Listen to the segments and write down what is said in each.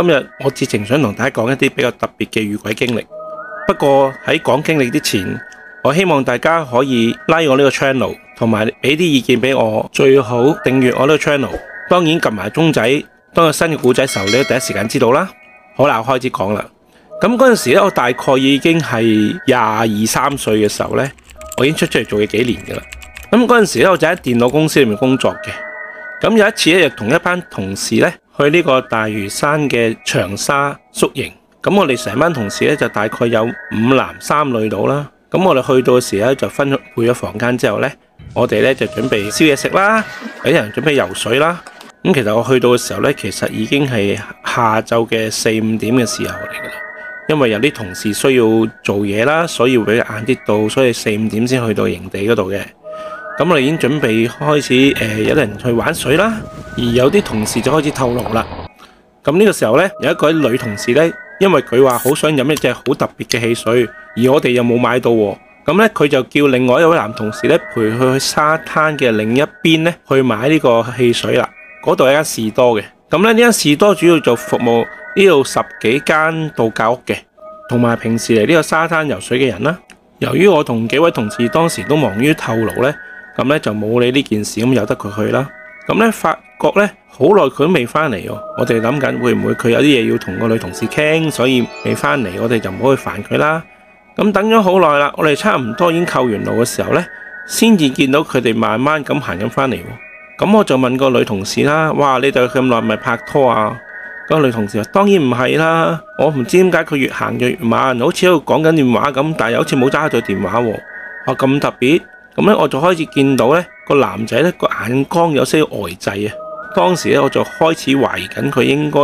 今日我直情想同大家講一啲比較特別嘅遇鬼經歷，不過喺講經歷之前，我希望大家可以拉、like、我呢個 channel，同埋俾啲意見俾我，最好訂閱我呢個 channel。當然撳埋鐘仔，當有新嘅古仔嘅時候，你都第一時間知道啦。好啦，我開始講啦。咁嗰陣時咧，我大概已經係廿二三歲嘅時候呢，我已經出出嚟做嘢幾年嘅啦。咁嗰陣時咧，我就喺電腦公司裏面工作嘅。咁有一次咧，就同一班同事呢。去呢個大嶼山嘅長沙宿營，咁我哋成班同事咧就大概有五男三女到啦。咁我哋去到嘅時候就分配咗房間之後呢，我哋呢就準備燒嘢食啦，有啲人準備游水啦。咁其實我去到嘅時候呢，其實已經係下晝嘅四五點嘅時候嚟㗎喇，因為有啲同事需要做嘢啦，所以會比較晏啲到，所以四五點先去到營地嗰度嘅。咁我哋已經準備開始誒、呃，有啲人去玩水啦。而有啲同事就開始透露啦。咁呢個時候呢，有一個女同事呢，因為佢話好想飲一隻好特別嘅汽水，而我哋又冇買到，咁呢，佢就叫另外一位男同事呢，陪佢去沙灘嘅另一邊呢，去買呢個汽水啦。嗰度有一間士多嘅，咁咧呢間士多主要做服務呢度十幾間度假屋嘅，同埋平時嚟呢個沙灘游水嘅人啦。由於我同幾位同事當時都忙於透露呢，咁呢就冇理呢件事，咁由得佢去啦。咁咧，發覺咧好耐佢都未翻嚟喎，我哋諗緊會唔會佢有啲嘢要同個女同事傾，所以未翻嚟，我哋就唔好去煩佢啦。咁等咗好耐啦，我哋差唔多已經扣完路嘅時候咧，先至見到佢哋慢慢咁行緊翻嚟。咁我就問個女同事啦：哇，你哋咁耐係咪拍拖啊？嗰個女同事話：當然唔係啦，我唔知點解佢越行就越慢，好似喺度講緊電話咁，但係又好似冇揸住電話喎。啊，咁特別。咁咧，我就開始見到咧。個男仔呢個眼光有些呆滯啊！當時呢，我就開始懷疑緊佢應該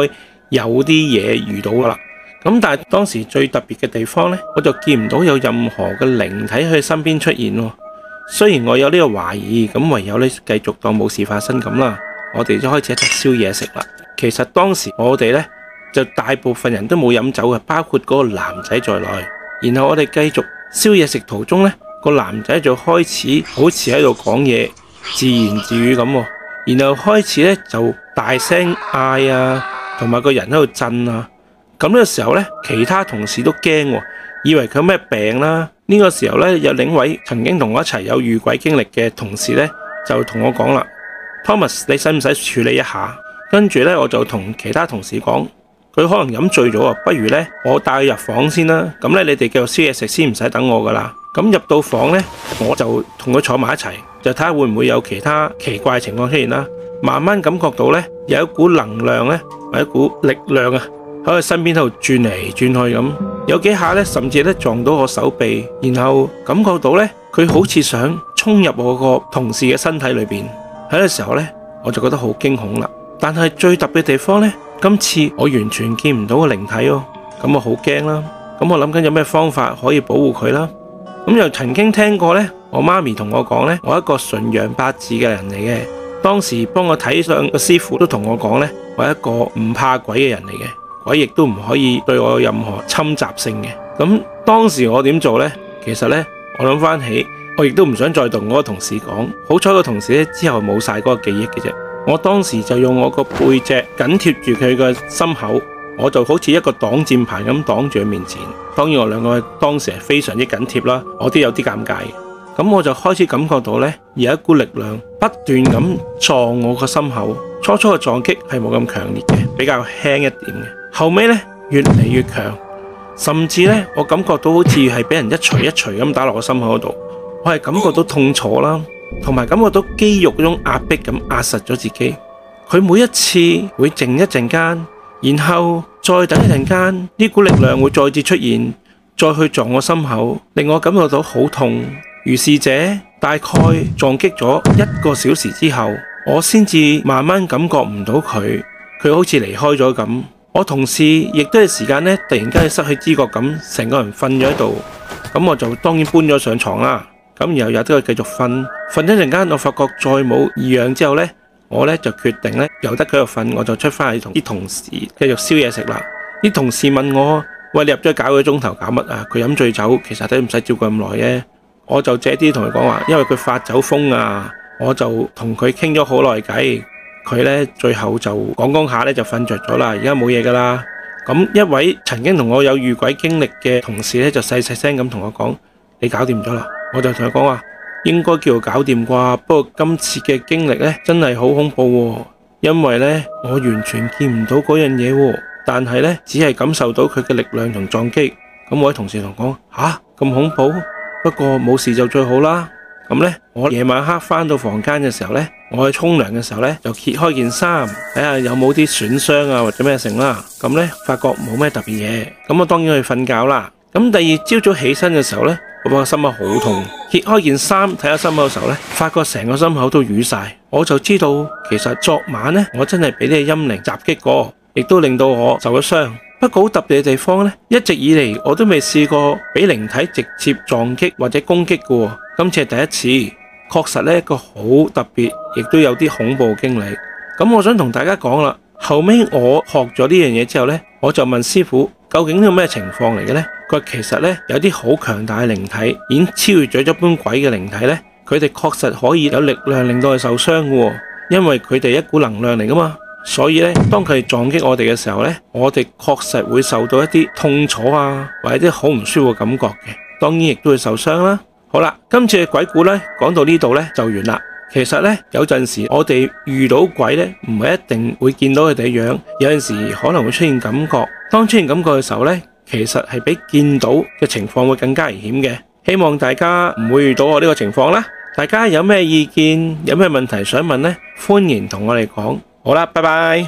有啲嘢遇到噶啦。咁但係當時最特別嘅地方呢，我就見唔到有任何嘅靈體喺佢身邊出現喎。雖然我有呢個懷疑，咁唯有你繼續當冇事發生咁啦。我哋就開始喺度燒嘢食啦。其實當時我哋呢，就大部分人都冇飲酒嘅，包括嗰個男仔在內。然後我哋繼續燒嘢食途中呢，個男仔就開始好似喺度講嘢，自言自語咁，然後開始咧就大聲嗌啊同埋個人喺度震啊咁呢個時候咧，其他同事都驚，以為佢有咩病啦。呢、呢個時候咧，有另一位曾經同我一齊有遇鬼經歷嘅同事咧，就同我講啦，Thomas，你使唔使處理一下？跟住咧，我就同其他同事講，佢可能飲醉咗啊，不如咧我帶佢入房先啦。咁咧，你哋繼續燒嘢食先，唔使等我噶啦。咁入到房咧，我就同佢坐埋一齊，就睇下會唔會有其他奇怪嘅情況出現啦。慢慢感覺到咧，有一股能量咧，或者一股力量啊，喺佢身邊度轉嚟轉去咁。有幾下咧，甚至咧撞到我手臂，然後感覺到咧，佢好似想衝入我個同事嘅身體裏面。喺呢個時候咧，我就覺得好驚恐啦。但係最特別地方咧，今次我完全見唔到個靈體哦，咁我好驚啦。咁我諗緊有咩方法可以保護佢啦？咁又曾經聽過咧，我媽咪同我講咧，我係一個純陽八字嘅人嚟嘅。當時幫我睇相嘅師傅都同我講咧，我係一個唔怕鬼嘅人嚟嘅，鬼亦都唔可以對我有任何侵襲性嘅。咁當時我點做呢？其實咧，我諗翻起，我亦都唔想再同我個同事講。好彩個同事之後冇晒嗰個記憶嘅啫。我當時就用我個背脊緊貼住佢嘅心口。我就好似一個擋箭牌咁擋住佢面前，當然我兩個當時係非常之緊貼啦，我都有啲尷尬嘅，咁我就開始感覺到呢，有一股力量不斷咁撞我個心口，初初嘅撞擊係冇咁強烈嘅，比較輕一點嘅，後尾呢，越嚟越強，甚至呢，我感覺到好似係俾人一錘一錘咁打落我心口度，我係感覺到痛楚啦，同埋感覺到肌肉嗰種壓迫咁壓實咗自己，佢每一次會靜一陣間，然後，再等一陣間，呢股力量會再次出現，再去撞我心口，令我感覺到好痛。如是者，大概撞擊咗一個小時之後，我先至慢慢感覺唔到佢，佢好似離開咗咁。我同事亦都係時間呢，突然間失去知覺咁，成個人瞓咗喺度。咁我就當然搬咗上床啦。咁然後也都係繼續瞓，瞓一陣間，我發覺再冇異樣之後呢。我咧，就決定咧，由得佢又瞓，我就出翻去同啲同事繼續燒嘢食啦。啲同事問我：喂，你入咗搞個鐘頭搞乜啊？佢飲醉酒，其實都唔使照顧咁耐啫。我就借啲同佢講話，因為佢發酒瘋啊。我就同佢傾咗好耐偈，佢咧，最後就講講下咧，就瞓着咗啦，而家冇嘢噶啦。咁一位曾經同我有遇鬼經歷嘅同事咧，就細細聲咁同我講：你搞掂咗啦。我就同佢講話。應該叫搞掂啩，不過今次嘅經歷呢，真係好恐怖，因為呢，我完全見唔到嗰樣嘢，但係呢，只係感受到佢嘅力量同撞擊。咁我喺同事同講吓咁恐怖，不過冇事就最好啦。咁呢，我夜晚黑返到房間嘅時候呢，我去沖涼嘅時候呢，就揭開件衫睇下有冇啲損傷啊或者咩成啦。咁呢，發覺冇咩特別嘢，咁我當然去瞓覺啦。咁第二朝早起身嘅時候呢，我個心口好痛，揭開件衫睇下心口嘅時候咧，發覺成個心口都瘀晒，我就知道其實昨晚呢，我真係俾呢個陰靈襲擊過，亦都令到我受咗傷。不過好特別嘅地方呢，一直以嚟我都未試過俾靈體直接撞擊或者攻擊過，今次係第一次，確實呢個好特別，亦都有啲恐怖經歷。咁我想同大家講啦，後尾我學咗呢樣嘢之後呢，我就問師傅究竟係咩情況嚟嘅呢？佢其實呢，有啲好強大嘅靈體，已經超越咗一般鬼嘅靈體呢。佢哋確實可以有力量令到佢受傷喎，因為佢哋一股能量嚟㗎嘛。所以呢，當佢哋撞擊我哋嘅時候呢，我哋確實會受到一啲痛楚啊，或者啲好唔舒服嘅感覺嘅。當然亦都會受傷啦。好啦，今次嘅鬼故呢，講到呢度呢就完啦。其實呢，有陣時我哋遇到鬼呢，唔係一定會見到佢哋樣，有陣時可能會出現感覺。當出現感覺嘅時候呢。其實係比見到嘅情況會更加危險嘅，希望大家唔會遇到我呢個情況啦。大家有咩意見，有咩問題想問呢？歡迎同我哋講。好啦，拜拜。